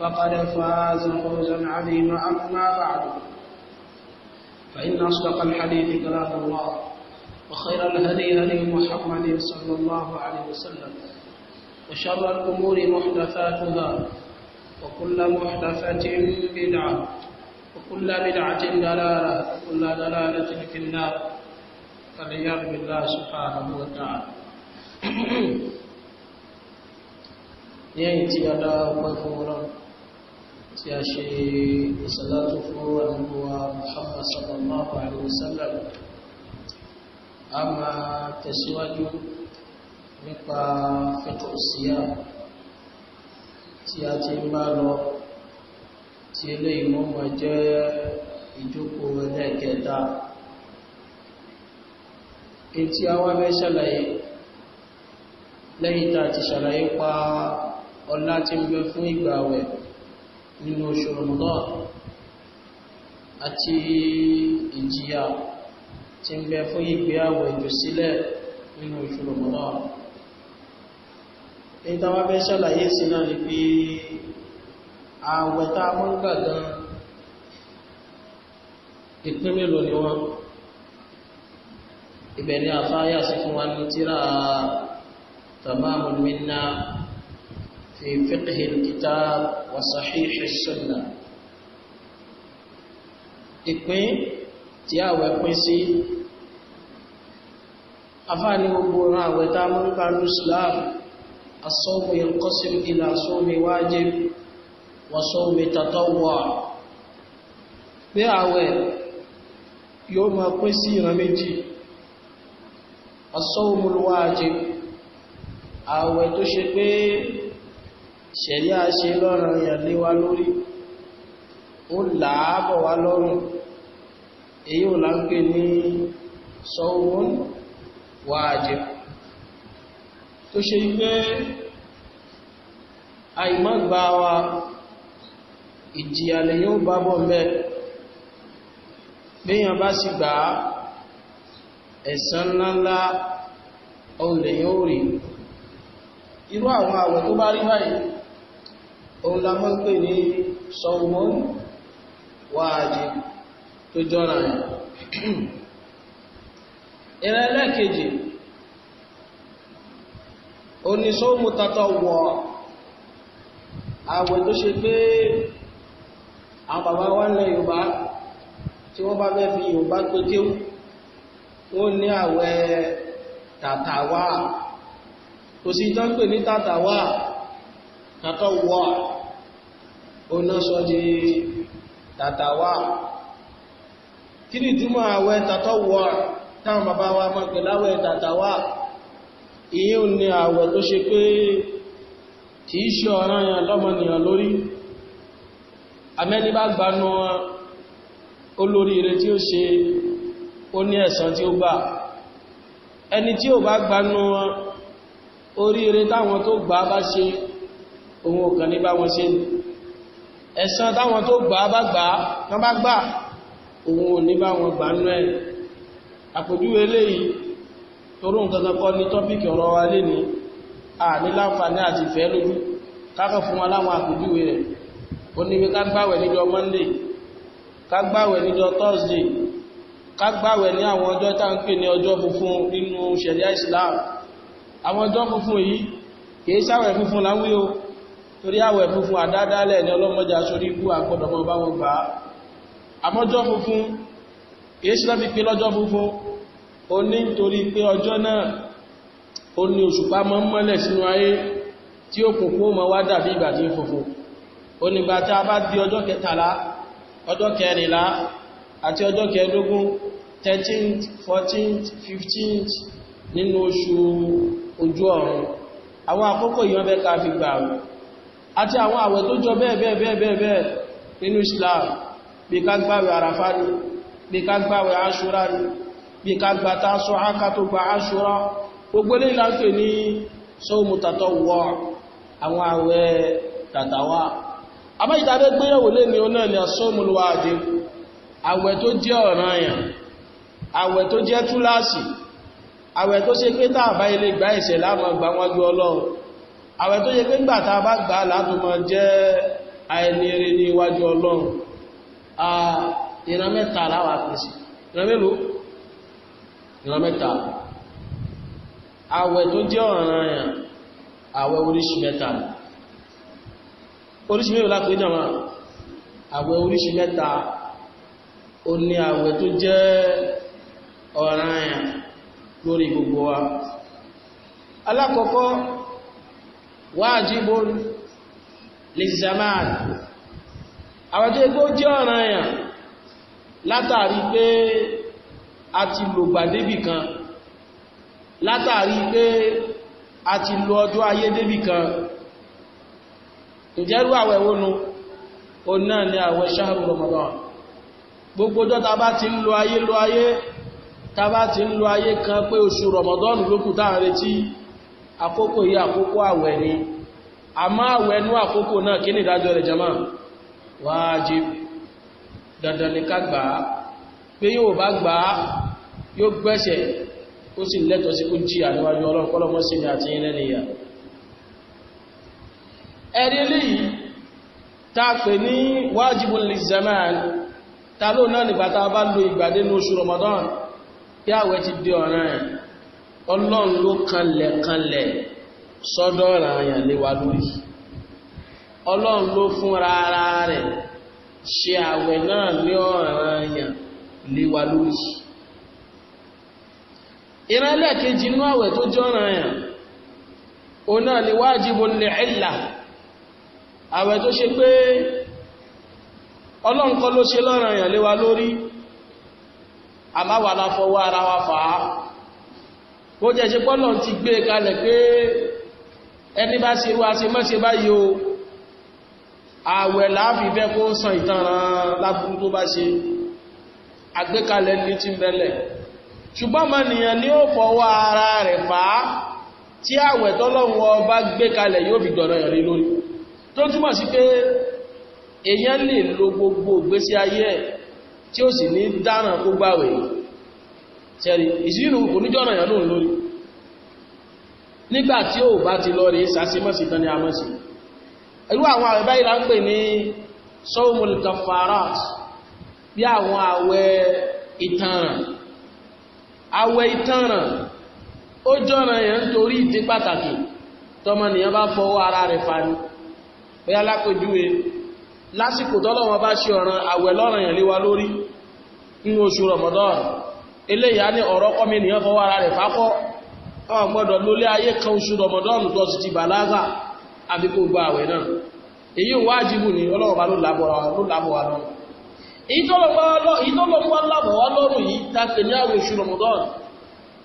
فقد فاز فوزا عظيما أما بعد فإن أصدق الحديث كلام الله وخير الهدي هدي محمد صلى الله عليه وسلم وشر الأمور محدثاتها وكل محدثة بدعة وكل بدعة دلالة وكل دلالة في النار فالعياذ بالله سبحانه وتعالى yẹn ti ada tí a ṣe ìsọ̀látò fún àmúwa Muhammad sallallahu alaihi wasallam a máa tẹ̀síwájú nípa fẹ́kọ̀ síyá tí a ti ń bá lọ tí ilé ìmọ́mọ̀ jẹ́ ìjókòó ẹlẹ́ẹ̀kẹta ètí a ti ṣàlàyé pa ọlá tí ń bẹ fún nínú oṣù Ramadan àti ìjìyà tí ń bẹ fún ìgbéyàwó ìjọsílẹ̀ nínú oṣù Ramadan ní tàwà fẹ́ ṣàlàyé sí náà ni pé àwẹ̀ta mọ́ǹgà gan ìpín mélòó ni wọ́n ibẹ̀ àfáyà sí fún wa ní tíra tamamul minna في فقه الكتاب وصحيح السنة ìpín tí àwẹ̀ pín sí afáàní gbogbo ran àwẹ̀ tá mú kánú islam asọ́mù yanqasim ila sọ́mù wájib wa sọ́mù tatawwa pé àwẹ̀ yóò ma pín sí ìran méjì asọ́mù wájib àwẹ̀ tó ṣe pé ṣẹ̀rí àṣẹ lọ́rọ̀ yàn lé wa lórí ó làábọ̀ wá lọ́rùn èyí ò láńké ní sọ́wọ́n wáàjẹ́ tó ṣe pé àìmọ́gbà wa ìjìyàlẹ̀ yóò bábọ̀ mẹ́ gbéyàn bá sì gbà ẹ̀san ńláńlá ọlẹ̀ yóò irú àwọn àwẹ̀ tó bá rí báyìí òun la mọ́ pè ní sọmọ́n wáàjì tó jọra rẹ̀ ìrìn ẹlẹ́kejì oníṣòwò tọ́tọ̀ wọ̀ àwẹ̀ tó ṣe pé àwọn bàbá wa ń lẹ Yorùbá tí wọ́n bá fẹ́ fi Yorùbá pé wọ́n ní àwẹ̀ tàtàwà kò sí tán pè ní tàtàwà tàtọ̀ wọ̀ oná sọ di tàtàwà kí ni ìtumọ̀ àwẹ̀ tàtọ́wọ̀ táwọn bàbá wa máa pè láwẹ̀ tàtàwà ìyẹn ò ní àwẹ̀ tó ṣe pé kì í ṣe ọ̀ranyàn lọ́mọnìyàn lórí amẹ́ni bá gbanú wọn olórí ire tí ó ṣe ó ní ẹ̀san tí ó gbà ẹni tí ó bá gbanú wọn táwọn tó gbà bá ṣe ohun ọ̀kan ní bá wọn ṣe ẹ̀san táwọn tó gbà bá gbà wọ́n bá gbà òun ò ní bá wọn gbà nú ẹ̀ àpòjúwe eléyìí torú nǹkan kan kọ́ ní tọ́pìkì ọ̀rọ̀ wa lé ní àní láǹfààní àti ìfẹ́ lójú kákọ̀ fún wa láwọn àpòjúwe rẹ̀ ó ní ká gbàwẹ̀ níjọ́ monday ká gbàwẹ̀ níjọ́ thursday ká gbàwẹ̀ ní àwọn ọjọ́ tá ń pè ní ọjọ́ funfun islam àwọn ọjọ́ funfun yìí kìí sáwẹ̀ funfun láwí torí àwẹ̀ funfun àdádálẹ̀ ní ọlọ́mọjà sórí ikú àgbọ̀dọ̀mọ́ bá wọn gbà á àmọ́jọ́ funfun kìí ṣe láti pé lọ́jọ́ funfun ó ní nítorí pé ọjọ́ náà ó ní òṣùpá mọ́ mọ́lẹ̀ sínú ayé tí òkùnkùn ó mọ́ wá dàbí ìgbà tí ń funfun ó nígbà tá a bá di ọjọ́ kẹtàlá ọjọ́ kẹrìnlá àti ọjọ́ kẹẹ̀dógún 13th 14th 15th nínú oṣù ojú ọ̀run àwọn àkókò yìí wọ́n fẹ́ ká fi gbà àti àwọn àwẹ̀ tó jọ bẹ́ẹ̀ bẹ́ẹ̀ bẹ́ẹ̀ bẹ́ẹ̀ bẹ́ẹ̀ nínú Islam bí ká gbàwẹ̀ àràfá ni bí ká gbàwẹ̀ aṣúra ni bí ká gbà tásọ áká tó gba aṣúra gbogbo ilé ìlànà ní sọ́ọ̀mù tàtọ̀ wọ àwọn àwẹ̀ tàtàwà ni sọ́ọ̀mù lọ́wọ́dé àwẹ̀ tó jẹ́ ọ̀ranyàn àwẹ̀ tó jẹ́ túláàsì àwẹ̀ tó ṣe pé tàbá àwẹ̀ tó yẹ pé ń gbàta bá gbà látò mọ jẹ́ àìníire ní iwájú ọlọ́run ìran mẹ́ta láwà pèsè ìran mélòó ìran mẹ́ta àwẹ̀ tó jẹ́ ọ̀ràn àyàn àwẹ̀ oríṣi mẹ́ta oríṣi mẹ́ta lápé jọmọ́ ní àwẹ̀ tó jẹ́ ọ̀ràn lórí gbogbo wa alákọ̀ọ́kọ́ wajibun lizaman àwọn tó gbó jẹ́ ọ̀ràn èèyàn látàrí pé a ti lò gbàdébì kan látàrí pé a ti lò ọjọ́ ayé débì kan ìjẹ́rú àwẹ̀ wónú o náà ni àwẹ̀ ṣáàrù Ramadan gbogbo ọjọ́ ta bá ti ń lo ayé lo ayé ta bá ti ń lo ayé kan pé oṣù Ramadan lókù táà retí àkókò yìí àkókò àwẹ̀ ni a máa wẹnú àkókò náà kí ni ìdájọ́ rẹ̀ jama wájib dandan ni ká gbà á pé yóò bá gbà á yóò gbẹ́sẹ̀ ó sì lẹ́tọ̀ọ́ sí kó jí àníwájú ọlọ́run sí ni àti ilẹ̀ Ramadan kí àwẹ̀ ti ọlọ́run ló kanlẹ̀ kanlẹ̀ sọ́dọ̀ ọ̀ràn àyàn lé wa ọlọ́run ló fúnra ara rẹ̀ ṣe àwẹ̀ náà ní ọ̀ràn àyàn lé wa kejì inú àwẹ̀ tó jọ́ràn àyàn òun náà ni bó jẹ́ ṣe pọ́lọ̀ ti gbé e kalẹ̀ pé ẹni bá ṣe wá ṣe mọ́ ṣe báyìí o ààwẹ̀ láàfífẹ́ kó san ìtanràn lábúrú tó bá ṣe àgbékalẹ̀ ní ti bẹ̀lẹ̀ ṣùgbọ́n mọ́ nìyàn ní ó fọwọ́ ara rẹ̀ fà á tí ààwẹ̀ tọ́lọ́wọ́ bá gbé kalẹ̀ yóò fi gbọ̀nà yàn lórí tó túmọ̀ sí pé èèyàn lè lo gbogbo ìgbésí ayé tí ó sì ní dáràn gbogbo àwẹ̀ yìí ṣẹ́rí ìsìnú kò ní jọ́nà yàn lóòrùn lórí nígbà tí ó bá ti lọ rí sàṣímọ́sí tán ní àmọ́sí irú àwọn àwẹ̀ báyìí la ń pè ní sọ́wọ́mùl kafarat bí àwọn àwẹ̀ ìtanràn àwẹ̀ ìtanràn ó jọ́nà yàn torí ìdí pàtàkì tọmọnìyàn bá fọwọ́ ara rẹ̀ fani bóyá lápèjúwe lásìkò tọ́lọ́wọ́n bá ṣe ọ̀ràn àwẹ̀ lọ́ranyàn lé wa lórí nínú oṣù rọ̀mọ́dọ́rùn eléyà ní ọ̀rọ̀ kọ́mi nìyàn fọwọ́ ara rẹ̀ fákọ́ ọ̀n gbọ́dọ̀ lólé ayé kan oṣù rọmọdọ́nù tó ti ti bàlágà àfi kó gba àwẹ̀ náà èyí ò wájibù ní ọlọ́run bá ló làbọ̀ wá lọ́rùn ìtọ́lọ́mọ́ làbọ̀ wá lọ́rùn yìí dákẹ́ ní àwẹ̀ oṣù rọmọdọ́nù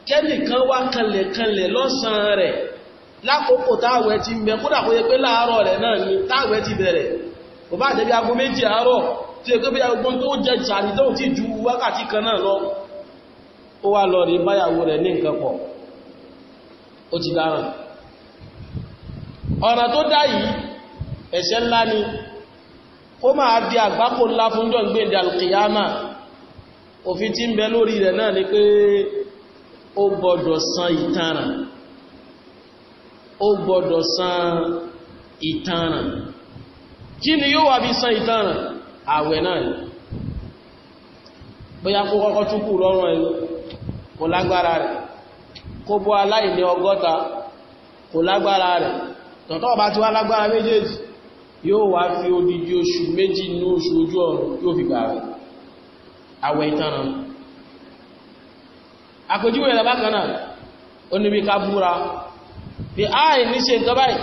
kẹ́nìkan wá kanlẹ̀kanlẹ̀ lọ́sàn-án rẹ̀ lákòókò táwẹ̀ ti ń bẹ kódà kó yẹ pé láàárọ̀ rẹ̀ náà ni táwẹ̀ ti bẹ̀rẹ̀ kò bá jẹ́ bí aago méjì àárọ̀ tí ó bí aago tó jẹ jàrí ó wá lọ rí báyàwó rẹ̀ ní nǹkan pọ̀ ó ti dáràn tó dá yìí ẹ̀ṣẹ̀ ńlá ni ó máa di àgbákò ńlá fún jọ alkiyama òfin tí ń bẹ lórí rẹ̀ náà ni pé ó gbọ́dọ̀ san ìtanràn ó gbọ́dọ̀ san ìtanràn kí ni yóò bí san ìtanràn àwẹ̀ náà bóyá kó kọ́kọ́ túkù lọ́rùn ẹ̀yọ́ kò lágbára rẹ̀ kó bọ́ aláìní ọgọ́ta kò lágbára rẹ̀ tọ̀tọ̀ ọba ti wá lágbára méjèèjì yóò wá fi odidi oṣù méjì ní oṣù ojú ọ̀run yóò fi gbà rẹ̀ àwẹ̀ ìtànà àpèjúwe rẹ̀ bákan náà ó níbi ká búra bí áì ní ṣe nǹkan báyìí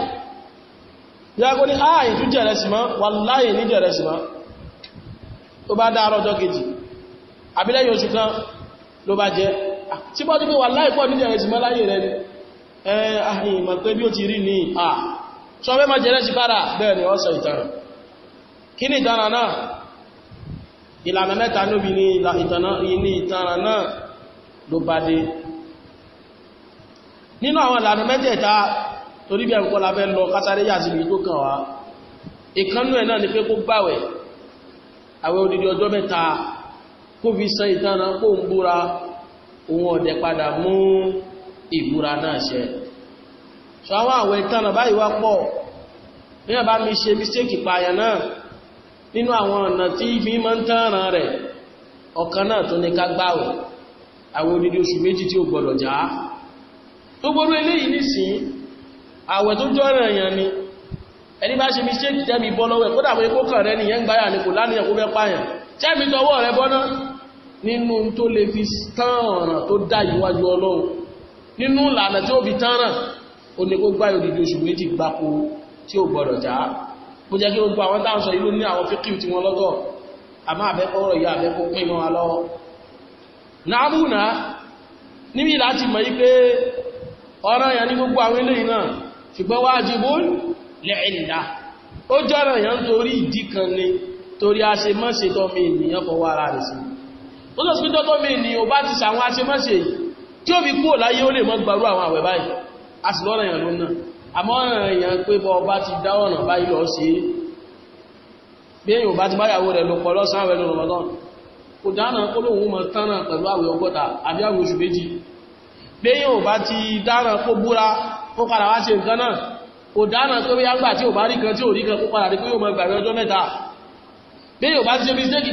oṣù kan ló bá jẹ́ tí bá tó pé wà láìpọ̀ nílẹ̀ rẹ̀ sí mọ́ láyé rẹ̀ ẹ̀hìn ah, mọ̀ pé bí ó ti rí ní à sọ mẹ́ ma jẹ́rẹ́ sí padà bẹ́ẹ̀ ni ọ́sọ̀ ìtànà ni ìtànà náà ìlànà mẹ́ta níbi ní ìtànà náà ló bá dé nínú àwọn ìlànà mẹ́tẹ̀ẹ̀ta ni pé kó gbàwẹ̀ àwẹ̀ odidi ọjọ́ mẹ́ta kó fi san ìtànà kó ń búra òun ọ̀dẹ̀ padà mú ìbúra náà ṣẹ ṣọ àwọn àwẹ̀ ìtànà báyìí wá pọ̀ ní àbá mi ṣe mistake ìpààyàn náà nínú àwọn ọ̀nà tí ibi n ń ran rẹ̀ ọ̀kan náà tó ní ká gbààwẹ̀ àwọn odidi oṣù méjì tí ó gbọdọ̀ já tó gbọdọ̀ eléyìí nísìn àwẹ̀ tó ni ẹni bá ṣe mistake bọ́ lọ́wọ́ nínú tó lè fi tán ọ̀ràn tó dá ìwájú ọlọ́run nínú ìlànà tí ó fi tán ràn ó ní kó gbá òdìdí oṣù méjì gbáko tí ó gbọdọ̀ já mo jẹ́ kí ó gba àwọn táwọn sọ ìlú ní àwọn fíkìw tí wọ́n lọ́tọ̀ àmọ́ àbẹ́kọ́rọ̀ ìyá àbẹ́kọ́ pín mọ́ wa lọ́wọ́ nàábùnà níbi láti mọ̀ yí pé ọ̀ràn yà ní gbogbo àwọn eléyìí náà ṣùgbọ́n wájibó lẹ́ẹ̀lá ó jọ́ràn yà ń torí ìdí kan ni torí a ṣe mọ́ ṣetọ́ mi ènìyàn fọwọ́ ara rẹ̀ sí i ó sọ sí tọ́tọ́ mi ni ò bá ti sàwọn aṣemọ́ṣe yìí tí ó fi kúrò láyé ó lè mọ́ gbarú àwọn àwẹ̀ báyìí a sì lọ́rọ̀ èèyàn ló ń náà àmọ́ èèyàn pé bọ́ ọba ti dá ọ̀nà báyìí lọ sí bí èèyàn ò bá ti báyàwó rẹ̀ lò pọ̀ lọ́sàn-án àwẹ̀ lọ́rọ̀ lọ́dọ̀ kò dáná kó lóun mọ tánà pẹ̀lú àwẹ̀ ọgọ́ta àbí àwẹ̀ bí èèyàn bá ti ṣe bí ṣe bí sẹ́kì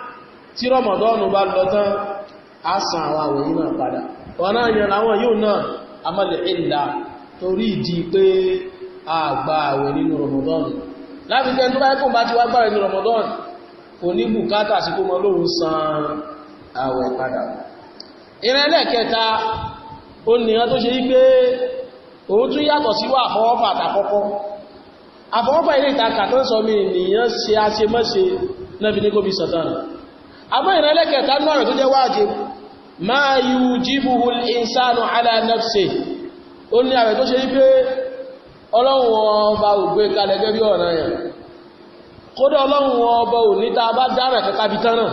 tí rọmọdọ́nù bá lọ tán a san àwọn àwẹ̀ yìí náà padà ọ̀nà ìyànlá àwọn yóò náà amọ́lẹ̀ ìlà torí ìdí pé a gba àwẹ̀ nínú rọmọdọ́nù láti jẹ́ tó bá ẹkùn bá ti wá àfọwọ́fà ilé ìtakà tó ń sọ mi nìyàn ṣe aṣemọ́ṣe náà fi ní kó fi sọ̀tàn àmọ́ ìran ẹlẹ́kẹta náà rẹ̀ tó jẹ́ wájib ma yujibuhu al-insanu ala nafsihi ó ní àwẹ̀ tó ṣe wípé ọlọ́run ọba ò gbé kalẹ̀ gẹ́gẹ́ bí ọ̀nà yẹn kódà ọlọ́run ọba ò ní ta bá dára kẹta bí tán náà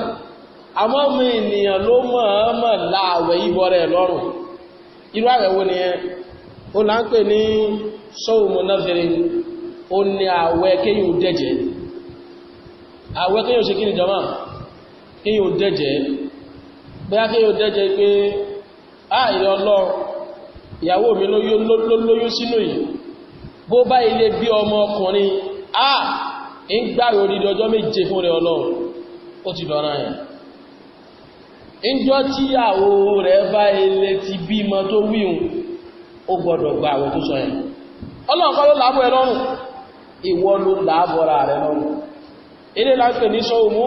àmọ́ mi ènìyàn ló mọ̀ọ́mọ̀ láàwẹ̀ ìbọ̀ rẹ̀ kí ni jọmọ́ kí yóò dẹ́jẹ́ bẹ́yà kí yóò dẹ́jẹ́ pé ààrẹ ọlọ́ ìyàwó mi lóyún sínú yìí bó bá ilé bí ọmọ ọkùnrin à ń gbáre orí ọjọ́ méje fún rẹ ọlọ́run ó ti dọ̀ra yẹn ìjọ tí àwò rẹ̀ bá ilé ti bímọ tó wíhun ó gbọdọ̀ gba àwọn tó láti ní sọ́ọ̀mù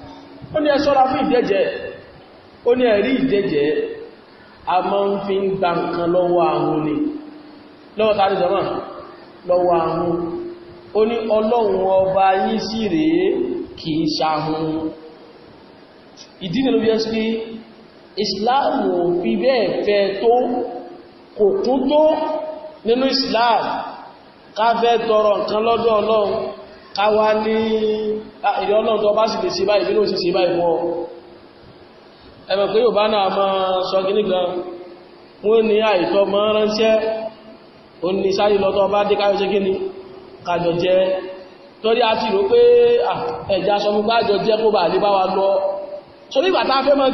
ó ní ẹ ṣọ́ra fún ìdẹ́jẹ́ ó ní ẹ̀rí ìdẹ́jẹ́ a máa ń fi ń gba nǹkan lọ́wọ́ ahun ni lọ́wọ́ tàbí jọmọ́ lọ́wọ́ ahun ó ní ọlọ́run ọba yìí sí rèé kì í ṣahun ìdí nínú bí ẹ́ sí pé ìsìláàmù ò fi bẹ́ẹ̀ fẹ́ tó kò kún tó nínú ìsìláàmù ká fẹ́ tọrọ nǹkan lọ́dọ̀ ọlọ́run káwá ní ìrìn ọlọ́run tó bá sì lè ṣe báyìí bí ló sì ṣe báyìí wọ́n ẹ̀mọ̀ pé yóò bá náà mọ́ sọ gíní gan wọ́n ní àìtọ́ mọ́ ránṣẹ́ ó ní sáré lọ́tọ́ bá dé káyọ́ sí gíní kàjọ jẹ́ torí a ti rò pé ẹ̀já sọ fún bájọ jẹ́ kó bà lè wa lọ so nígbà tá fẹ́ mọ́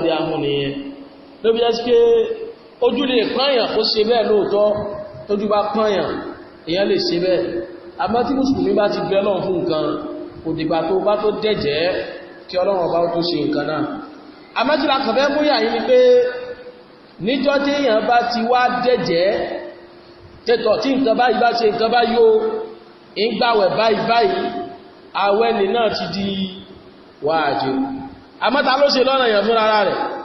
gbé ló bí jásí pé ojú lè pààyàn kó ṣe bẹ́ẹ̀ lóòtọ́ tójú bá pààyàn èyàn lè ṣe bẹ́ẹ̀ àmọ́ tí mùsùlùmí bá ti bẹ lọ́n fún nǹkan kò dìgbà tó bá tó dẹ̀jẹ́ kí ọlọ́run ọba tó ṣe nǹkan náà àmọ́ tí lakàn fẹ́ múyà yìí ló ṣe lọ́nà èèyàn fúnra rẹ̀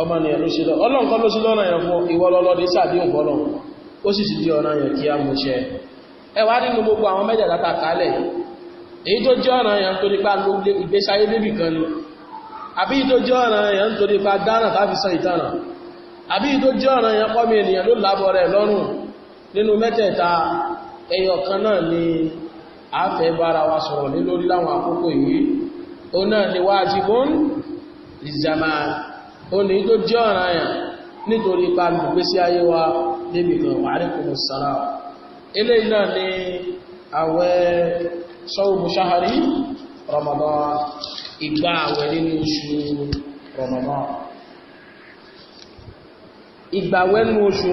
ọmọ ènìyàn ló ṣe lọ ọlọ́nkọ́ ló ṣe lọ́nà yẹn fún ìwọlọ́lọ́dé sàdíhùn fọ́lọ̀ ó sì ti di ọ̀nà yẹn kí a mú ṣẹ ẹwà nínú gbogbo àwọn mẹ́jẹ̀dá ta kálẹ̀ èyí tó jẹ́ ọ̀nà yẹn torí pa ìgbésáyé débì kan ni àbí tó jẹ́ ọ̀nà yẹn torí pa dáná tàbí san ìtànà àbí tó jẹ́ ọ̀nà yẹn pọ́mí ènìyàn ló lábọ̀ rẹ̀ lọ́rùn nínú mẹ́tẹ̀ẹ̀ta ẹyọ kan náà ni a fẹ́ bára wa sọ̀rọ̀ lé lórí láwọn àkókò yìí ó náà ni wájibun lizama onu ní tó jẹ́ ọ̀ràn àyàn nítorí ipa gbogbo sí ayé wa kan ni àwẹ̀ sọ́wọ́bù sáhárí Ramadan ìgbà àwẹ̀ nínú oṣù Ramadan ìgbàwẹ̀ nínú oṣù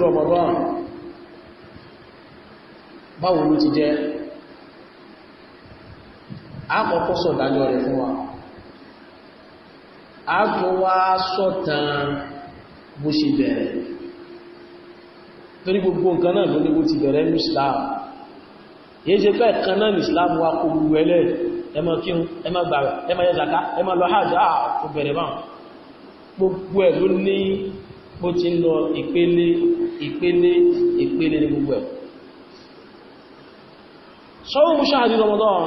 báwo ló ti jẹ́ àkọ́kọ́ sọ̀dájọ́ rẹ̀ a tún wá sọ̀tàn bó ṣe bẹ̀rẹ̀ torí gbogbo nǹkan náà ló ní bó ti bẹ̀rẹ̀ ní Islam yìí ṣe pẹ́ kan náà ní Islam wa kò gbogbo ẹlẹ́ ẹ máa kírun ẹ máa gbààwẹ̀ ẹ máa yẹ zaka ẹ máa lọ hajj àà ah, kò bẹ̀rẹ̀ báwọn gbogbo ẹ̀ ló ní bó ti ń lọ ìpele ìpele ìpele ní gbogbo ẹ̀ sọ́wọ́n mú ṣáàdì Ramadan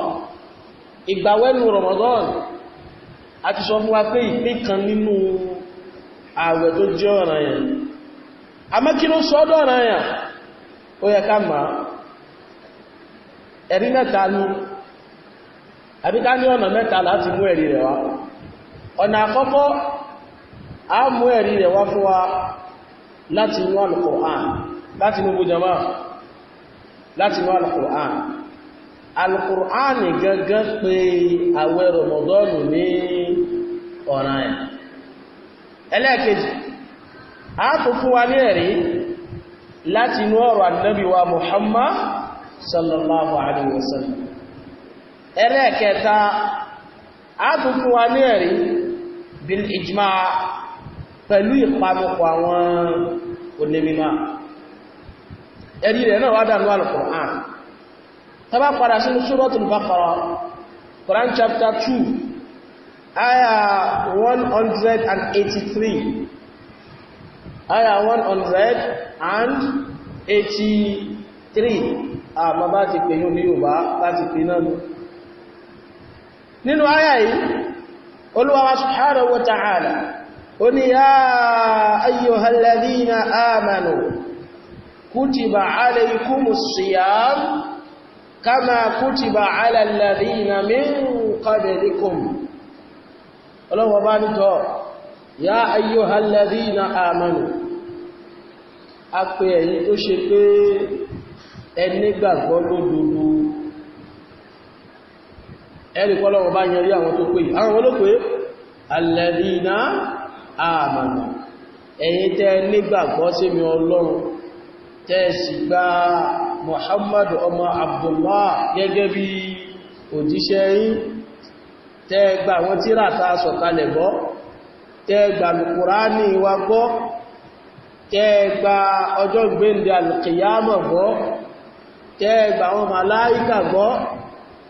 Ramadan a ti sọ fún wa pé kan nínú ààwẹ̀ tó jẹ́ ọ̀ràn yẹn àmọ́ kí ló sọ́dọ̀ ọ̀ràn yẹn ó yẹ ká máa ẹ̀rí mẹ́ta ní ní ọ̀nà mẹ́ta láti mú ẹ̀rí rẹ̀ wá ọ̀nà àkọ́kọ́ a mú ẹ̀rí rẹ̀ wá fún wa láti láti bujama láti pé ọ̀ràn ẹ̀ ẹlẹ́ẹ̀kejì a tó fún wa ní ẹ̀rí láti inú ọ̀rọ̀ Ànábì wa Muhammad sallallahu alaihi wasallam ẹlẹ́ẹ̀kẹta a tó fún wa ní ẹ̀rí bil ijma pẹ̀lú ìpanupọ̀ àwọn onímọ̀ ẹ̀rí rẹ̀ náà wá dánú al-Qur'an tàbá padà sínú Suratul Baqarah Quran chapter 2 aya 183 aya 183 àmà bá ti pè yóò ní Yorùbá láti pè náà lọ nínú aya yìí Olúwa wa subhanahu wa ta'ala ó ní ya ayyuhal ladhina amanu kutiba alaykumus siyam kama kutiba ala alladhina min qablikum ọlọ́wọ́ bá nítọ́ ya ayyuhal na amanu a pè ẹ̀yin tó ṣe pé ẹni gbàgbọ́ lódodo ẹ̀rì kọ́lọ́wọ́ bá yẹn rí àwọn tó pè àwọn olóòpé na amanu ẹ̀yin tẹ́ nígbàgbọ́ sí mi ọlọ́run tẹ́ sì gba Muhammadu ọmọ Abdullah gẹ́gẹ́ bí òjíṣẹ́ yìí tẹ́ẹ̀gbà àwọn tíra ta sọ̀kalẹ̀ gbọ́ tẹ́ẹ̀gbà lùkùránì wa gbọ́ tẹ́ẹ̀gbà ọjọ́ gbéǹdẹ̀ alìkìyàmọ̀ gbọ́ tẹ́ẹ̀gbà àwọn màláíkà gbọ́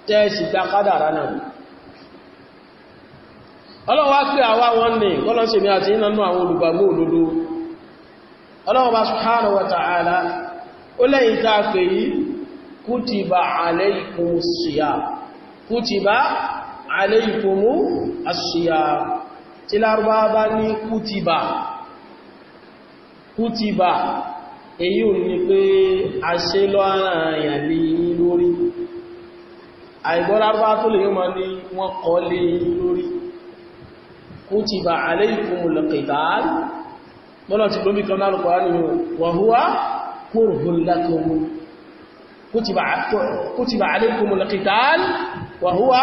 tẹ́ẹ̀sì gbà kádàrá náà ọlọ́wà pé àwọn ta'ala siyam kutiba. aléìkòmú àṣíyà tí lárúbá bá ní kútìbà kútìbà èyí ò ní pé a ṣe lọ́rọ̀ àyàn lè yí lórí àìgbọ́ lárúbá tó lè yíò ma ní wọ́n kọ́ lè yí lórí kútìbà aléìkòmú lọ́kẹ̀dáàl kútìbà aléìkòmú lọ́kẹ̀dáàl wàhúwá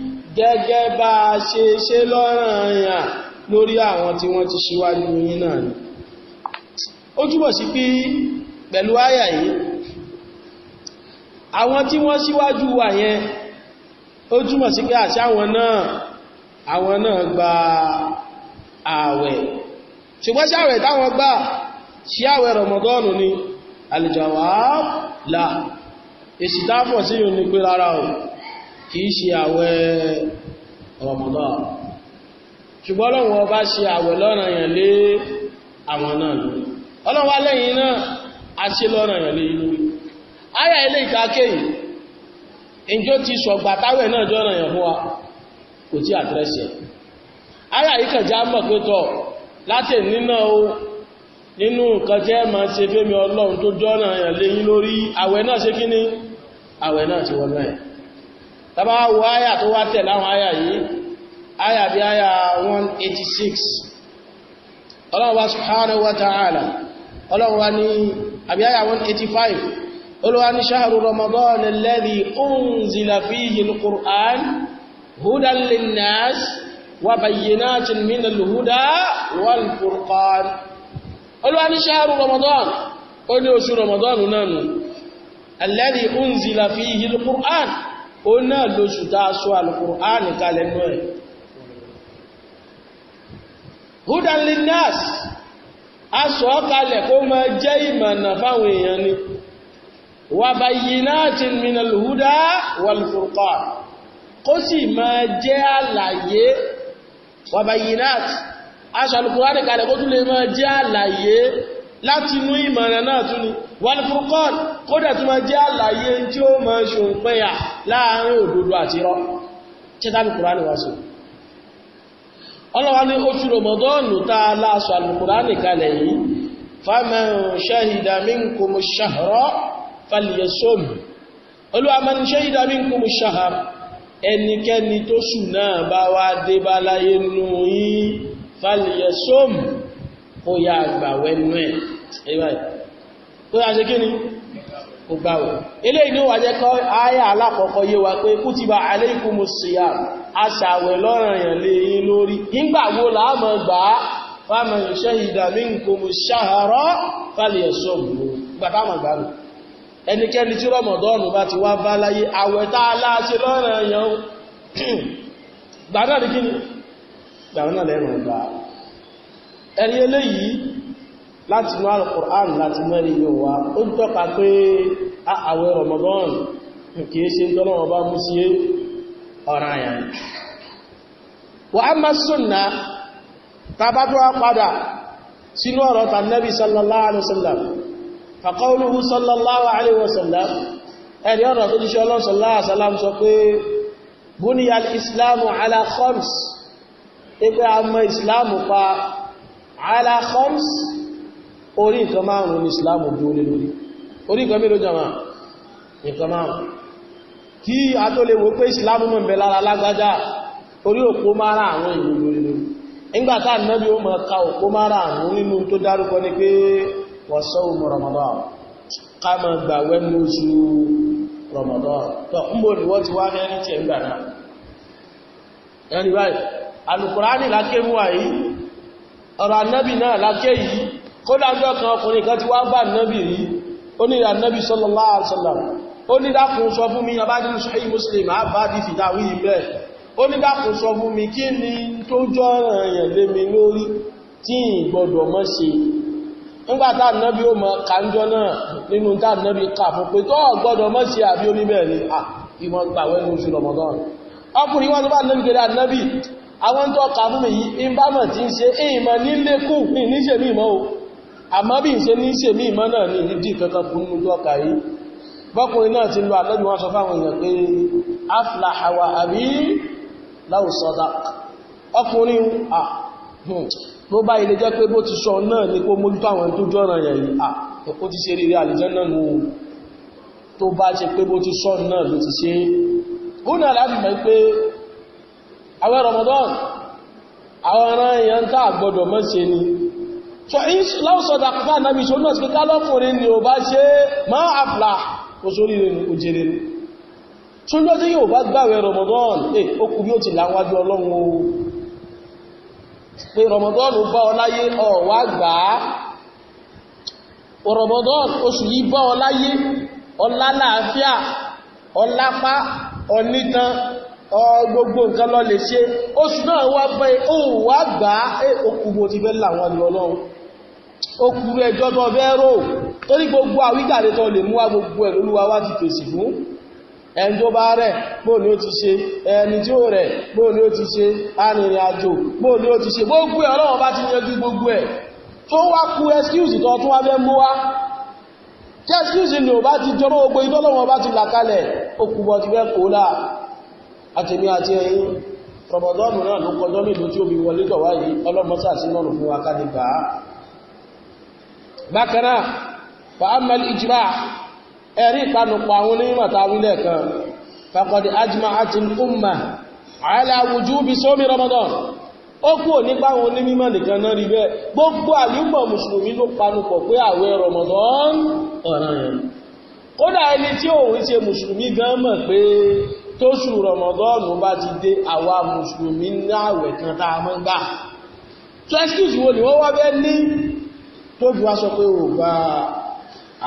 gẹ́gẹ́ bá a ṣe ṣe lọ́ranyàn lórí àwọn tí wọ́n ti ṣíwájú yín náà ni ó túbọ̀ sí pé pẹ̀lú àyà yìí àwọn tí wọ́n ṣíwájú wa yẹn ó túmọ̀ sí pé àṣà àwọn náà àwọn náà gba ààwẹ̀ ṣùgbọ́n sí ààwẹ̀ táwọn gbà sí ààwẹ̀ rọmọgọ́nù ni àlìjàwà là èsì táfọ̀ sí yìí ní pé rárá o kìí ṣe àwẹ̀ Ramadan ṣùgbọ́n ọlọ́run ọba ṣe àwẹ̀ lọ́rọ̀ yàn lé àwọn náà lórí ọlọ́run wa lẹ́yìn náà a ṣe lọ́rọ̀ yàn lé lórí ayà ilé ìkàkẹ́ yìí njó ti sọ̀gbà táwẹ̀ náà jọ́rọ̀ yàn fún wa kò tí àdírẹ́sì ẹ̀ ayà yìí kàn já mọ̀ pé tọ̀ láti nínà o nínú nǹkan tẹ́ máa ṣe fẹ́mi ọlọ́run tó jọ́rọ̀ yàn lé yín lórí àwẹ̀ náà ṣe kíní àwẹ̀ náà ti wọ́n náà tàbá wo àyà tó wá tẹ̀ láwọn àyà yìí àyà bí àyà 186 ọlọ́run wa subhanahu wa ta'ala ọlọ́run ní àbí àyà 185 olúwa ní shahru ramadan alladhi unzila fihi alquran hudan linnas wa bayyinatin min alhuda wal furqan olúwa ní shahru ramadan ó ní oṣù ramadan náà alladhi unzila fihi alquran ó náà lóṣù tá a sọ Al-Qur'an kalẹ̀ nù ẹ̀ hudan linnas a sọ kalẹ̀ kó máa jẹ́ ìmọ̀nà fáwọn èèyàn ni wa bayyinatin minal huda wal furqan kó sì máa jẹ́ àlàyé wa bayyinatin a sọ Al-Qur'an kalẹ̀ kó tún lè máa jẹ́ àlàyé látinú ìmọ̀nà náà tún ni wal-furqan kódà tó máa jẹ́ àlàyé tí ó máa ṣe òpẹ́yà láàrin òdodo àti irọ́ títàbí kùránì wá sọ ọlọ́wà ní oṣù rọmọdọ́nù tá a láàṣọ alùkùránì kalẹ̀ yìí faman shahida minkum ash-shahra falyasum olúwa man tó yá ṣe kíni kò gbàwẹ̀ eléyìí ló wà jẹ́ kọ́ ayà alákọ̀ọ́kọ́ yé wa pé kútìbà alaykumus siyam aṣàwẹ̀ lọ́ranyàn lé yín lórí nígbàwó láàmà gbà á faman shahida minkumus shahra falyasumhu gbàtàmà gbàrù ẹnikẹ́ni tí rọmọdọ́ọ̀nù bá ti wá bá láyé àwẹ̀ tá a láṣẹ lọ́ranyàn gbàdá láti mú al-Qur'an láti mẹ́rin yóò wá ó tọ́ka pé àwẹ̀ Ramadan kìí ṣe tọ́lọ́wọ́ bá mú sí ọ̀rọ̀ àyàn wa amma súnnà tàbátọ́ padà sínú ọ̀rọ̀ tànàbí sallallahu alaihi wasallam fa qawluhu sallallahu alaihi wasallam ẹni ọ̀rọ̀ tó díṣẹ́ ọlọ́run sallallahu alaihi orí nǹkan márùn-ún ní islam dúró lé lórí orí nǹkan mélòó jama nǹkan márùn-ún kí a tó lè pé islam mọ̀ ń lára lágbájá orí òpó mara àwọn ìlú lórí lórí nígbàtá nẹ́bí ó mọ̀ òpó mara ọ̀rọ̀ kó dájọ́ kan ọkùnrin kan ti wá bá nábì rí ó ní ìrànnábì sallallahu alaihi wasallam ó ní dákùn sọ fún mi abájúlù sọ́yí muslim àbájí fìdáwí ibẹ̀ ó ní dákùn sọ fún mi kí ni tó jọ́ràn èèyàn lé mi lórí tí ìgbọ́dọ̀ mọ́ ṣe nígbàtà nábì ó mọ kàńjọ náà nínú tá nábì kà pé tó gbọ́dọ̀ mọ́ ṣe àbí oníbẹ̀ ni à ìwọ̀n gbà wẹ́nu oṣù Ramadan ọkùnrin wọn tó bá nábì kéde ànábì àwọn tó kà mi yìí ń àmọ́ bí n ṣe ní ṣe ní ìmọ́ náà ní ìdí kankan fún ní lọ́kà yìí bọ́kùnrin náà ti lọ àlẹ́bí wọn sọ fáwọn èèyàn pé afláhàwà àbí láùsọ́dá ọkùnrin à ló bá ilé jẹ́ pé bó ti sọ náà ní kó mójútó àwọn tó jọ́ràn yẹ̀ yìí à ó ti ṣe Ramadan àwọn ará èèyàn láwùsọ̀dà fún ànábì tó náà sí kálọ́kùnrin ni ò bá ṣe máa àfìlà òṣòrí rẹ̀ ní òjèrè ní tó ló Ramadan eh ó kú bí wa ti o Ramadan bá ọ láyé ọ̀wá gbà á Ramadan oṣù yìí bá ọ láyé ọlá láàáfíà ọlápá ọnítan gbogbo nǹkan lọ lè ṣe oṣù náà wá bẹ́ ó wá gbà á eh, ó kú bí ó okùrú ẹjọ́ tó fẹ́ rò tó ní gbogbo àwígàrí tó lè mú wá gbogbo ẹ̀ lólúwa wá ti fèsì fún ẹni tó bá rẹ̀ bóò ni ó ti ṣe ẹni tí ó rẹ̀ bóò ni ó ti ṣe arìnrìn àjò bóò ni ó ti ṣe gbogbo ẹ̀ ọlọ́run bá ti yanjú gbogbo ẹ̀ excuse tó tún wá fẹ́ mú wá tí excuse ni ò bá ti jọmọ́ gbogbo ìtọ́lọ́wọ́n bá ti là kalẹ̀ okùnbọ̀ ti fẹ́ kó láà àtẹ̀mí àti ẹ̀yìn rọmọdọ́nù bákan náà fa'amal ijma ẹ̀rí ìpanupọ̀ àwọn onímọ̀ tá kan wí ajima ati nkuma al-umma ala sọmi ramadan ó kúrò nípa àwọn onímọ̀ nìkan náà rí gbogbo àlúmọ̀ mùsùlùmí ló panupọ̀ pé àwẹ̀ ramadan ọ̀ràn yẹn kódà ẹni tí òun ṣe mùsùlùmí gan mọ̀ pé tóṣù bá ti dé àwa mùsùlùmí ní àwẹ̀ kan tá a ni wọ́n wá tó fi wá sọ pé ò gba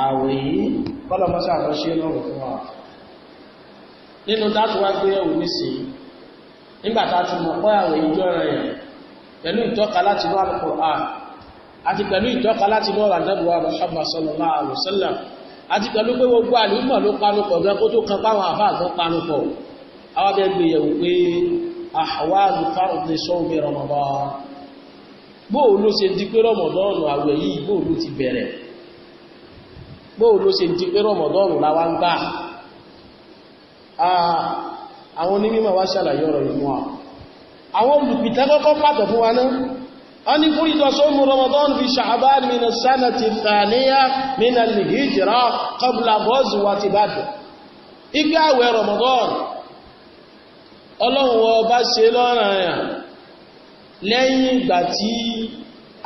àwẹ̀ yìí kọ́lọ̀mọ́sá àtọ́ṣẹ́ lọ́rùn fún wa nínú táàtù wá gbé ẹ̀wù nísì nígbàtà ti mọ̀ pọ́ àwẹ̀ ìjọ rẹ̀ pẹ̀lú ìtọ́ka láti lọ́ Al-Qur'an àti pẹ̀lú ìtọ́ka láti lọ́ àdábùwà Muhammad bóò ló ṣe di pé rọmọdọ́ọ̀nù àwẹ̀ yìí bóò ló ti bẹ̀rẹ̀ bóò ló ṣe di pé rọmọdọ́ọ̀nù láwá ń gbà ah, àwọn onímọ̀ wá ṣàlàyé ọ̀rọ̀ ìmọ̀ àwọn olùpìtẹ́ kọ́kọ́ pàtọ̀ fún wa náà wọ́n ní fún ìtọ́sọ́mù rọmọdọ́ọ̀nù fi ṣàbán mìnà sánàtì thaniya mìnà lìhìjìrá qabla bọ́ọ̀zù wa ti bàdẹ̀ igbá àwẹ̀ rọmọdọ́ọ̀nù ọlọ́run wọ́n bá ṣe lọ́rọ̀ lẹ́yìn ìgbà tí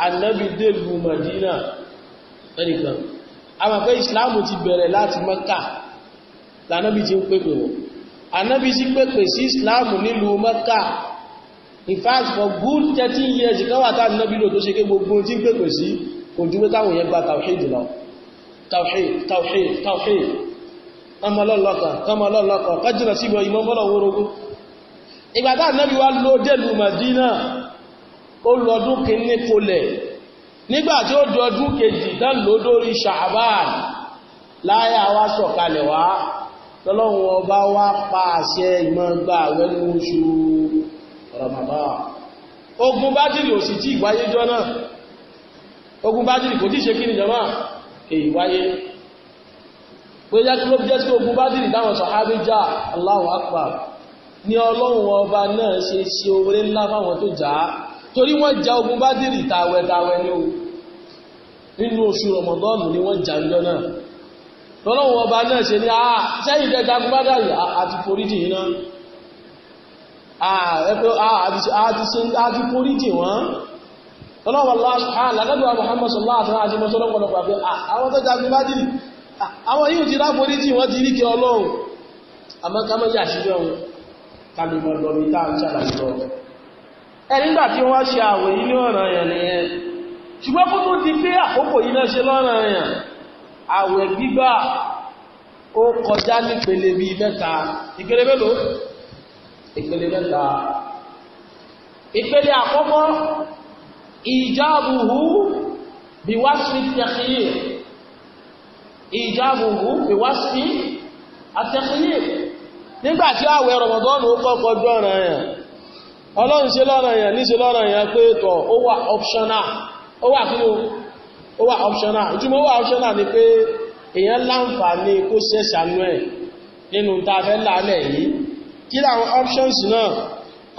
annabi dèlù madina ẹnìkan amàfẹ́ islamu ti bẹ̀rẹ̀ láti mẹ́kà lànàbí ti ń pèpè wọ̀ annabi ti pèpè sí islamu nílùú mẹ́kà in fact for good 13 years ìkọwà tá annabi lò tó ṣe ké gbogbo tí ń pèpè sí kò jú pé táwọn yẹn gba tawhid lọ tawhid tawhid tawhid ọmọlọ́lọ́kọ̀ ọmọlọ́lọ́kọ̀ kọjìnà síbọ̀ ìgbà tá annabi wá ló dèlù ó lu ọdún kìíní kolẹ̀ nígbà tí ó di ọdún kejì náà ló dórí ṣàbáàn láyà wá sọ̀kalẹ̀ wá tọ́lọ́run ọba wá pa àṣẹ ìmọ̀gbà wẹ́nu oṣù Ramadan ogun bájìlì ò sì tí ìwáyé jọ náà ogun bájìlì kò tí ṣe kí ni jọmọ́ èyí wáyé pé jẹ́ kí ló jẹ́ sí ogun bájìlì dáwọn sọ̀hábí já Allahu Akbar ni ọlọ́run ọba náà ṣe ṣe oore ńlá fáwọn tó jà á torí wọ́n ja ogun Bádìrì tàwẹ̀tàwẹ̀ ni o nínú oṣù Ramadan ni wọ́n jà ńjọ náà lọ́lọ́wọ́ ọba náà ṣe ní àà ah, sẹ́yìn tẹ́ta gbádàrí àti foríjì iná àti ah, foríjì wọ́n lọ́lọ́wọ́ aláàdọ́gbà ah, Muhammad sallallahu alaihi wasallam àti mọ́sọ́lọ́pọ̀lọpọ̀ àbẹ́ àwọn tẹ́ta gbádìrí àwọn yíò ti rá foríjì wọ́n ti rí kí ọlọ́run àmọ́ ká mọ́ yà ẹ̀nígbà tí wọ́n ṣe àwẹ̀ yìí ní ọ̀nà ẹ̀yàn nìyẹn ṣùgbọ́n kó tó di pé àkókò yìí náà ṣe lọ́nà ẹ̀yàn àwẹ̀ gbígbà ó kọjá nípele bíi mẹ́ta ìpele mélòó ìpele mẹ́ta ìpele àkọ́kọ́ ìjáàbùhù bí wá sí tẹ̀kìyè ìjáàbùhù bí wá sí àtẹ̀kìyè nígbà tí àwẹ̀ rọ̀mọ̀dọ́nù ó kọ́kọ́ jọ́ràn ẹ̀yàn ọlọ́run ṣe lọ́rọ̀ èèyàn ní ṣe lọ́rọ̀ èèyàn pé tọ̀ ó optional ó wà kí optional ìtumọ̀ optional ni pé èèyàn láǹfààní kó ṣẹ̀ṣànú ẹ̀ nínú ta fẹ́ lálẹ̀ yìí kí láwọn options náà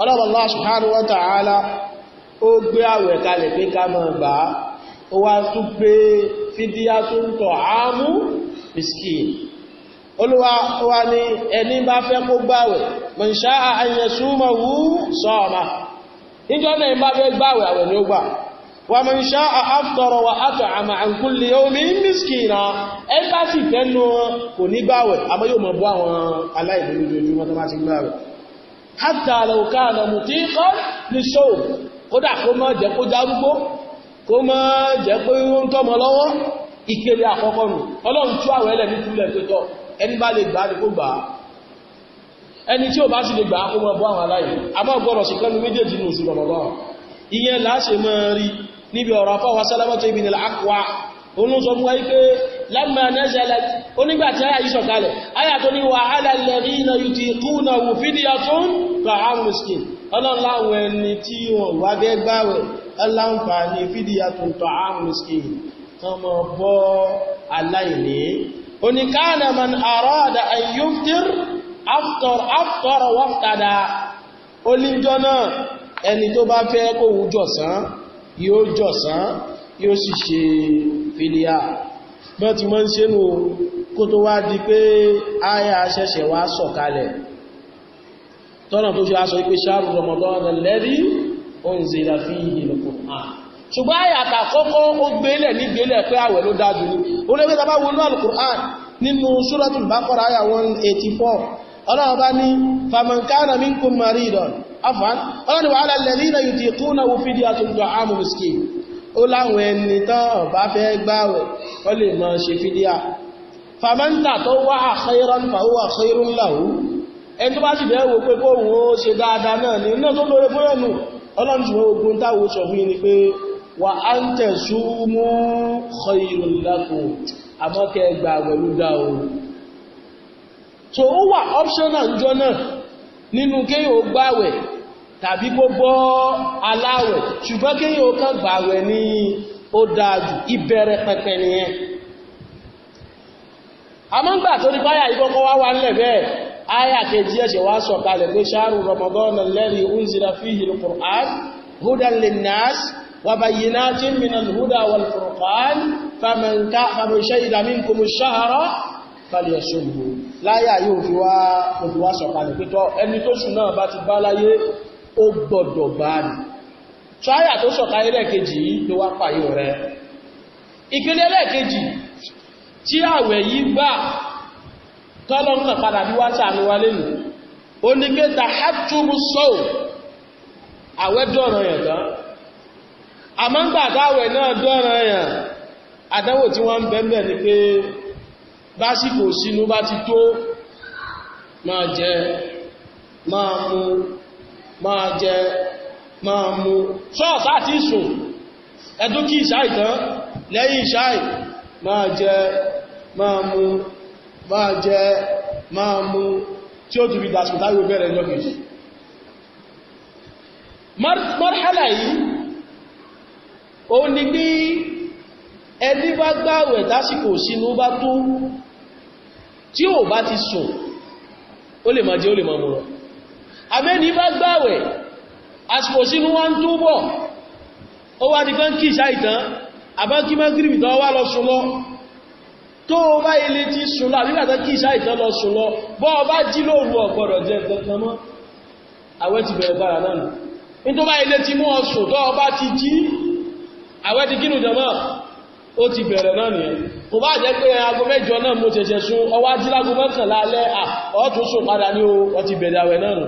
Allah subhanahu wa ta'ala ó gbé àwẹ̀ kalẹ̀ pé ká máa gbà á ó wá tún gbé fídíà tó ń tọ̀ ámú miskin olúwa wa ni ẹni bá fẹ́ kó gbàwẹ̀ mọ̀ṣá àyẹ̀súmọ̀ wú sọ́ọ̀mà níjọ́ náà bá fẹ́ gbàwẹ̀ àwẹ̀ ni ó gbà wà mọ̀ṣá àftọ̀rọ̀ wà átọ̀ àmà àǹkúlé omi mísìkìnà ẹgbà sì fẹ́nu kò ní gbàwẹ̀ àmọ́ yóò mọ̀ bú àwọn aláìlú lójoojúmọ́ tó bá ti gbàwẹ̀ hátà àlọ́ká àlọ́ mùtí kọ́ ní àkọ́kọ́ nù ọlọ́run tú àwẹ̀ ẹlẹ́ ní túlẹ̀ pé tọ́ ẹni bá lè gbà á ní kó gbà á ẹni tí ó bá sì lè gbà á kó mọ́ bọ́ àwọn aláyè àmọ́ gbọ́dọ̀ sí kánú méjèèjì ní oṣù rọ̀mọ̀bọ́n ìyẹn láṣẹ mọ́ rí níbi ọ̀rọ̀ afọ́wà sálámọ́tò ibi nílẹ̀ àkùwà òun sọ mú wáyé pé lámà onígbàtí oníkàánà man àrọ́ọ̀dà ayyuftir aftar aftar waftada olíjọ́ náà ẹni tó bá fẹ́ kó wù jọ̀sán yóò jọ̀sán yóò sì ṣe fìlíà bọ́n ti mọ́ ń ṣe nù kó tó wá di pé áyà ṣẹ̀ṣẹ̀ wá sọ̀kalẹ̀ tọ́nà tó ṣe aṣọ ìpéṣàrù Ramadan alladhi unzila fihi al ṣùgbọ́n àyàkà kọ́kọ́ ó gbélẹ̀ ní gbélẹ̀ pé àwẹ̀ ló dájú ní olóògbé tàbá wọnú al nínú Suratul Baqara àyà 184 ọlọ́run bá ní faman kana minkum maridan afan ọlọ́run ni wa ala alladhina yutiqunahu fidyatun ta'amu miskin ó láwọn ẹni tán bá fẹ́ gbáwẹ̀ ó lè máa ṣe fídíà faman tatawwa'a khayran fahuwa khayrun lahu ẹni tó bá sì bẹ́ẹ̀ wo pé kóhun ó ogun táwọn sọ fún pé wà á ń tẹ̀sú mú khayrun lakum àmọ́ kẹ́ ẹ gba àwẹ̀ ló dá o so ó wà optional njọ́ náà nínú kéèyàn ó gbàwẹ̀ tàbí kó bọ́ aláwẹ̀ ṣùgbọ́n kéèyàn ó kàn gbàwẹ̀ ní ó dáa ìbẹ̀rẹ̀ pẹpẹ nìyẹn àmọ́ ńgbà tó ní báyà ìkọ́kọ́ wá wà nílẹ̀ bẹ́ẹ̀ áyà kejì ẹ̀ṣẹ̀ wá sọ̀kalẹ̀ pé ṣáàrù Ramadan alladhi unzila fihi al-Qur'an hudan linnas وبينات من الهدى والفرقان فمن كافر شهد منكم الشهر فليصمه láyà yóò fi wá òfin wá sọ̀kalẹ̀ pẹ́tọ́ ẹni tó sùn náà bá ti bá láyé ó gbọ́dọ̀ bá ní ṣáyà tó sọ̀kalẹ̀ lẹ́ẹ̀kejì yìí ló wá pàyò rẹ̀ ìpínlẹ̀ lẹ́ẹ̀kejì tí àwẹ̀ yìí gbà tọ́lọ́nkà padà bí wá sàánú wa lẹ́nu oníkẹta hàtúbù sọ́ọ̀ àwẹ́dọ̀rọ̀ yẹ̀dán àmọ́gbàdáwẹ̀ náà dọ́ran ẹ̀yàn àdánwò tí wọ́n ń bẹ̀m̀bẹ̀ ni pé básìkò sínú bá ti tó máa jẹ máa mu máa jẹ máa mu ṣọ́ọ̀sá ti sùn ẹ̀dún kí ìṣáì tán lẹ́yìn ìṣáì máa jẹ máa mu máa jẹ máa mu tí ó tùbí dàṣùn láyé bẹ̀rẹ̀ lọ́gbẹ̀ẹ́ yìí ó ní pé ẹni bá gbààwẹ̀ tásìkò sínú bá tó tí ò bá ti sùn ó lè máa jẹ ó lè máa mu lọ àmẹ́ni bá gbààwẹ̀ àsìkò sínú wá ń túbọ̀ ó wá ti kán kí ìṣá ìtàn àbákí mẹ́gírìbì tán wá lọ sùn lọ tó o bá ilé ti sùn lọ àbígbàtà kí ìṣá lọ sùn lọ bọ́ ọ bá jí lóòrù ọ̀gbọ̀dọ̀ jẹ kankan mọ́ àwẹ̀ ti bẹ̀rẹ̀ bára náà nù ilé ti mú ọ sùn tó o bá ti jí àwẹ̀ ti kínú jọmọ́ ó ti bẹ̀rẹ̀ náà nìyẹn kò bá jẹ́ pé aago mẹ́jọ náà mo ṣẹ̀ṣẹ̀ sun ọwá jílágo mọ́kànlá alẹ́ ọ̀tún sùn padà ní o ó ti bẹ̀rẹ̀ àwẹ̀ náà nù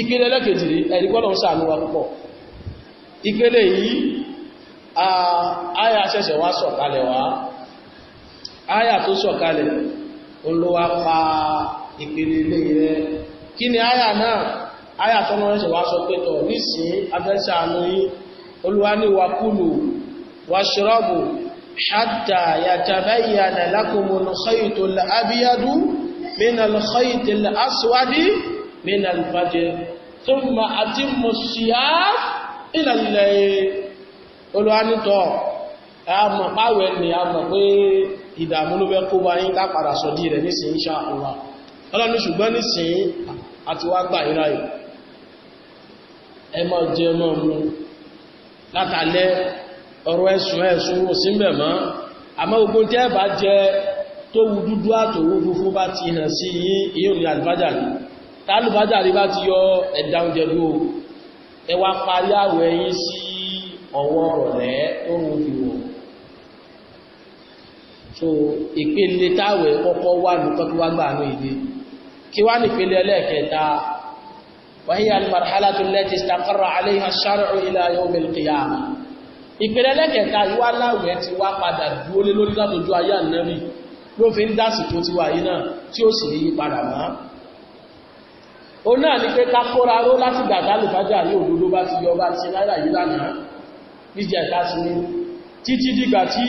ìpele lẹ́kẹ̀jì rí ẹ̀rí pọ́lọ̀ ń kí ni àyà náà àyà tọ́nà ṣẹ̀ wá sọ pé tọ̀ nísìn abẹ́ṣàánú yìí olúwa ní wàkúlù wàṣírọ́bù hatta yatabayyana lakumul khaytul abyadu minal khaytil aswadi minal fajr thumma atimmu siyam ilal layl olúwa ní tọ́ àmọ̀ páwẹ̀ ni àmọ̀ pé ìdààmú ló fẹ́ kó bá yín ká padà sọ̀dí rẹ̀ nísìnyí insha Allah ọlọ́ni ṣùgbọ́n nísìnyí àti wá gbà ìráyè ẹ máa mú látàlẹ́ ọ̀rọ̀ ẹ̀sùn ẹ̀sùn wò sí mẹ̀ mọ́ àmọ́ ogun tẹ́ bá jẹ tó wu dúdú àtòwú funfun bá ti hàn sí yín ìyóò ní àlùbájàrí tálùbájàrí bá ti yọ ẹ̀dá oúnjẹ bí o ẹ wá parí àwẹ̀ yín sí ọwọ́ ọ̀rọ̀lẹ́ tó ń fi wọ̀ so ìpele táwẹ̀ kọ́kọ́ wà ní kọ́kọ́ wá gbà ní ìdí kí wá nípele ẹlẹ́ẹ̀kẹta وهي المرحلة التي استقر عليها الشرع إلى يوم القيامة ìpínlẹ̀ lẹ́kẹ̀ẹ́ta ìwà aláwẹ̀ ti wá padà dúó lé lórí látòjú ayé ànábì ló fi ń dásì tó ti wà yìí náà tí ó sì ní yí padà mọ́ o náà ní pé kákóra ró láti gbàgbá lùfájà ní òdodo bá ti yọ bá ti lára yìí lánàá níjẹ̀ ẹ̀ta sí ní títí dìgbà tí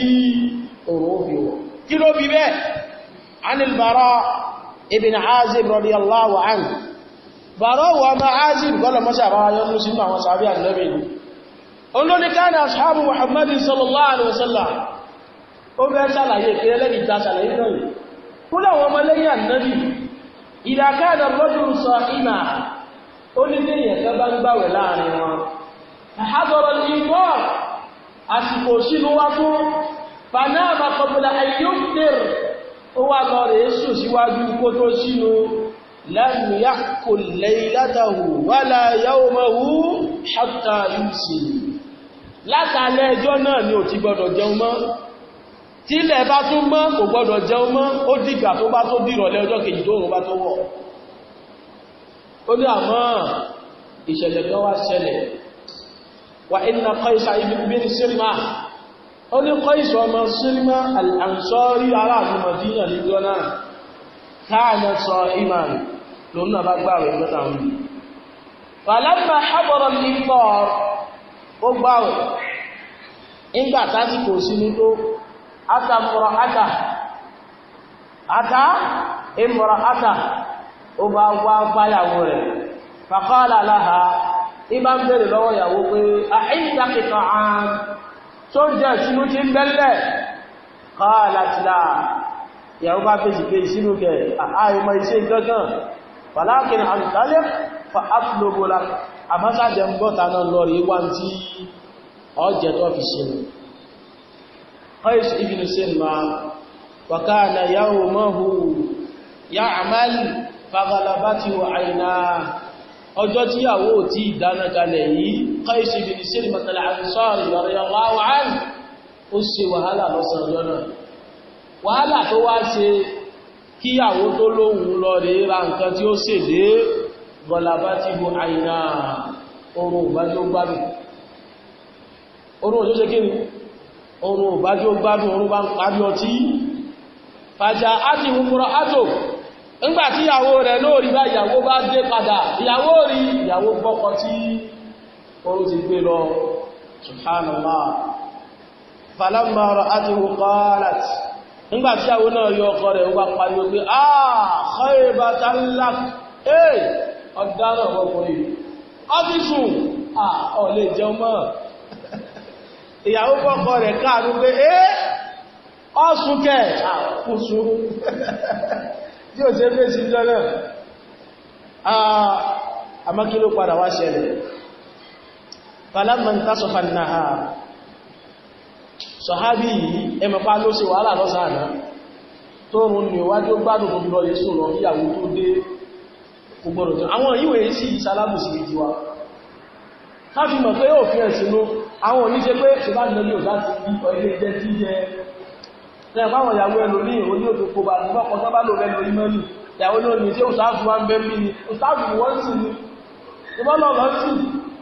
òun fi wọ̀ kí ló fi bẹ́ẹ̀ anil bara ibn azib radiyallahu anhu bàrọ́wọ̀ ọmọ azir gọ́lọ̀mọ́sí àbáwáyọ́ mú sínú àwọn sàábí ànẹ́bì ni olóní káàdà ashabu muhammadin sallallahu alaihi wasallam ó bẹ́ sàlàyé ìpínlẹ̀ lẹ́ni ìta sàlàyé náà kúlẹ̀ àwọn ọmọ lẹ́yìn ànẹ́bì ìdàkáàdà lọ́dún sọ ìmà ó ní ní ìyẹ̀kẹ́ bá ń gbàwẹ̀ láàrin wọn àhàbọ̀rọ̀ ní mọ́ àsìkò sínú wá fún لم يأكل ليلته ولا يومه حتى يمسي látàlẹ́ ẹjọ́ náà ni ò ti gbọdọ̀ jẹun mọ́ tí ilẹ̀ bá tún mọ́ kò gbọdọ̀ jẹun mọ́ ó dìgbà tó bá tó dìrọ̀lẹ́ ọjọ́ kejì tó rùn bá tó wọ̀ ó ní àmọ́ ìṣẹ̀lẹ̀ kan wá ṣẹlẹ̀ wà inna ní Qaisa káàna sọ iman lòun náà bá gbàwé lọ́tà ń bì. Fàlámà hábọ̀rọ̀ ní pọ̀ ó gbàwé. Nígbà tásìkò sínú tó, ata mọ̀rọ̀ ata, ata ìmọ̀rọ̀ ata, ó bá wá gbáyàwó rẹ̀. Fàkọ́lá láha, ibà ń bèrè lọ́wọ́ ìyàwó pé, àìsà ń bẹ́lẹ̀. Kọ́lá ìyàwó bá fèsì pé ìsínú kẹ àìmọ̀ iṣẹ́ ìdọ́gán fàlákin àtàlẹ́ fa áfìlógóla àmásájẹ ń gbọ́ta náà lọ rí wá tí ọjẹ́ tó fi ṣe ọjọ́ tí yàwó tí ìdáná kalẹ̀ yìí Qais ibn Silma al-Ansari radiyallahu anhu ó ṣe wàhálà lọ́sàn-án lọ́nà wàhálà tó wá ṣe kíyàwó tó lóhun lọ rèé ra nǹkan tí ó ṣèlé bọ̀làbá ti tí ó gbádùn oorun òjò ṣe tí ó gbádùn oorun bá ń parí ọtí fàjà áti ìhùnkúrọ átò ńgbà ìyàwó rẹ̀ lóòrí bá ìyàwó bá dé padà nígbà tí àwọn náà yọ ọkọ rẹ̀ ó bá pariwo pé àkọ́ ìbá ta ńlá ee ọ̀daràn ọkùnrin ọ́fíìsù ọ̀ ah, lè jẹun mọ́ ìyàwó fọ́kọ rẹ̀ káàánú pé ee eh, ọ̀sùn kẹ̀ àkóso ah, tí ó ṣe fèsì jọ náà ah, sọ̀hábí yìí ẹmọ̀pá ló ṣe wàhálà lọ́sàánà tó rùn ní wájú gbádùn tó bílọ́ lè sùn lọ ìyàwó tó dé gbogbo tó àwọn ìwé sí ìsàlámù sí ìjì wa ká fi mọ̀ pé yóò fi ẹ̀sìn ló àwọn oníṣẹ́ pé ṣùgbọ́n láti bí ọ̀lẹ́ jẹ́ tí jẹ́ lẹ́gbàwọn ìyàwó ẹlò ní ìwò ní òtò kòbà nígbàkan tó bá lò rẹ̀ lórí mẹ́lì ìyàwó ní òní tí òsáàfù wá ń bẹ́ mí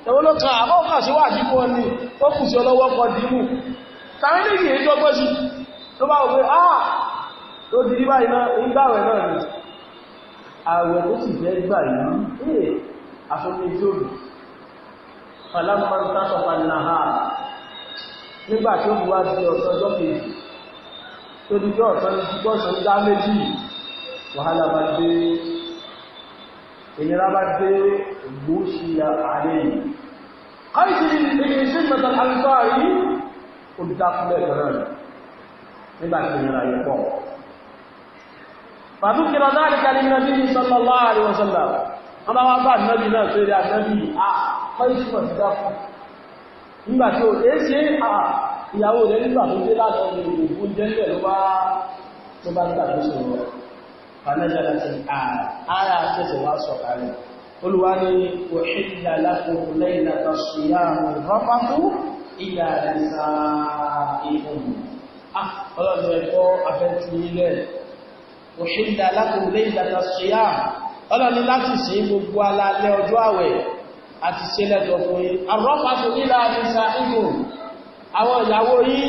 ẹwọ́n ló àbọ́kà sí wà jíkọ́ ni ó kù sí ọlọ́wọ́ kan dìímù tàwọn ilé ìyẹ̀ tó gbọ́sí tó bá wọ́n pé ah tó di rí báyìí náà ń gbàwẹ̀ náà ni àwẹ̀ tó sì fẹ́ gbà yìí ee eh! àfọ́mí tí ó bì fàlámọ́ntà sọ̀pàlá ha nígbà tí ó bu wá sí ọ̀sán ọjọ́ kejì tó di bí ọ̀sán gbọ́sán dá ìnira bá dé gbóṣìyà àárẹ̀ yìí. Kọ́ìsì ìgbìyànjú mẹ́ta yìí oníkà fún ẹ̀kọ́ náà rẹ̀ nígbà tí ìrìn àyè pọ̀ fàtú kí lọ́dá àríkàlì nàbí ní sọ́lọ́lá àríwọ̀sọ́lá wọ́n bá wá bá nàbí náà tó rí àtàbí àpọ́ìsìmọ̀ ti dákù nígbà láti ara àtẹ́sẹ̀ wá sọ̀kalẹ̀ olùwárí ìyá ẹ̀sà ìfún. Ọlọ́dún ẹ̀kọ́ afẹ́tí ilẹ̀. Òṣèlú alákòólé ìdàtà ṣíyà. Ọlọ́dún láti ṣe gbogbo alálẹ́ ọjọ́ àwẹ̀ àti ṣe lẹ́tọ̀ fún yín. Àrọ́pàtò nílà ẹ̀sà ìfún. Àwọn ìyàwó yìí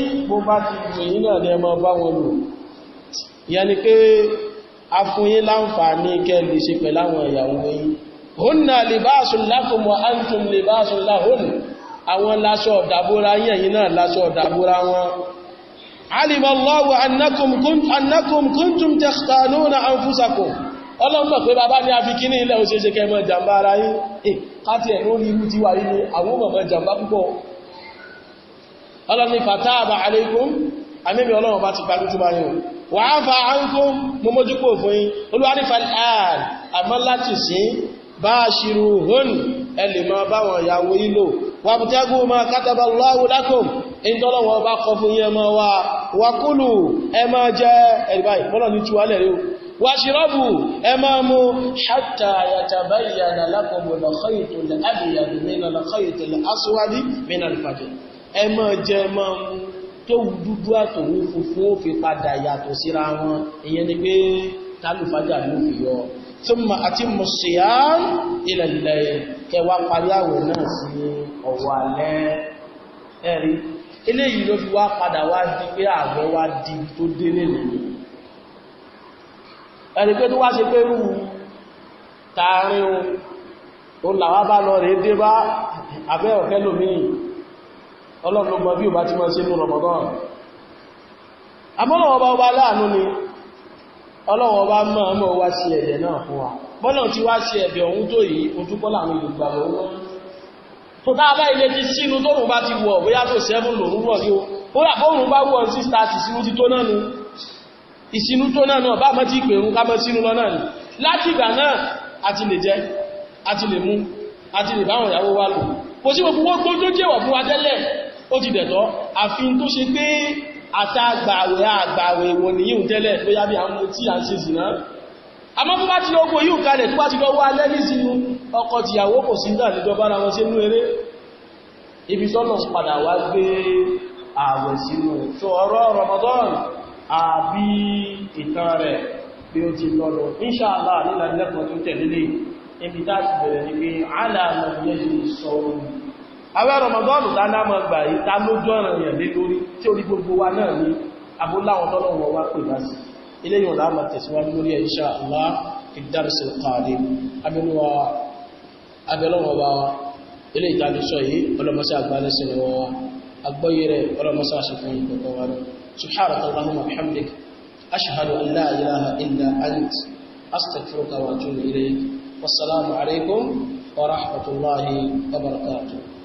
àwọn lásọ ọ̀dàbóra yẹ̀yìn náà lásọ ọ̀dàbóra wọn alimallahu annakum annakum kuntum takhtanuna anfusakum ọlọ́mọ̀ pé bàbá ní àfikí ní ilẹ̀ òṣèṣe kẹmọ jàmbá ara yín eh káti ẹ̀rọ irú ti wà nínú àwọn ọmọ jàmbá púpọ̀ ọlọ́ni fataba alaykum amẹ́bẹ̀ ọlọ́run bá ti parí túbá yìí wà á fa áńkún mọ́mọ́júpò fún yín olúwa ní àmọ́ láti sí bashiruhun ẹlẹ̀ máa bá wọn ìyàwó ìlò wàbùtẹ́gù ma kátàbà Allahu lakum ìtọ́lọ̀wọ̀ bá kọ fún yẹn ma wá wàkúlù ẹ máa jẹ ẹ̀rìbáyì mọ́lọ̀ ní túwálẹ̀ rí wàṣírọ́bù ẹ máa mú hatta yatabayyana lakumul khaytul abyadu minal khaytil aswadi minal fajr ẹ máa jẹ máa mú tó thumma atimmu siyam ila al-layl kẹwàá parí àwẹ̀ náà sí ọ̀wọ̀ alẹ́ ẹ̀rí eléyìí ló fi wá padà wá di pé àwẹ̀ wá di tó délé nìyí ẹ̀rí pé tó wá ṣe pé tààrin o làwá bá lọ rèé dé bá abẹ́ ọ̀kẹ́ lómìnì ọlọ́run ọlọ́wọ́ bá mọ́ ọmọ wá sí ẹ̀dẹ̀ náà fún wa bọ́lọ̀ tí wá sí ẹ̀dẹ̀ ọ̀hún tó yìí ojúkọ́ làwọn ìlúgbà lọ́wọ́ tó tá a bá ilé ti sínú tóòrùn bá ti wọ̀ bóyá tó sẹ́fún lòrún rọ̀ yóò ó rà bóòrùn bá wọ̀ sí stars ìsinú ti tó náà nu ìsinú tó náà náà bá mọ́ ti pè ń ká mọ́ sínú lọ náà ni láti ìgbà náà àti lè jẹ àti lè mú àti lè báwọn àṣàgbàwẹ̀ àgbàwẹ̀ ìwò nìyíùn tẹ́lẹ̀ tó yá bí àwọn ọmọ tí a ń ṣe ìsìná àmọ́ tó bá ti lọ ogun yíò kalẹ̀ tó bá ti lọ wá lẹ́lì sínú ọkọ tìyàwó kò sí dà níjọ Ramadan àbí ìtàn rẹ̀ bí ó ti lọ́lọ́ inṣáàlá nílànilẹ́kọ̀ọ́ tó tẹ̀lé ibi tá ti bẹ̀rẹ̀ ní àwẹ́ rọmọdọ́nù dánámọ̀ gbà ìta lójú ọ̀rọ̀ èèyàn lé lórí tí orí gbogbo wa náà ní abúláwọn tọ́lọ̀wọ̀ wá pè bá sí ilé yìí ọ̀lá máa tẹ̀síwájú lórí insha Allah fi dárìsì ọ̀kàrí abẹ́lọ́wọ́ abẹ́lọ́wọ́ bá ilé ìtàlùsọ yìí ọlọ́mọsá àgbálẹ́sìn wọn agbóyè rẹ̀ ọlọ́mọsá àṣẹfún ìgbọ̀gbọ̀ wa subhanaka allahumma bihamdik ashhadu an la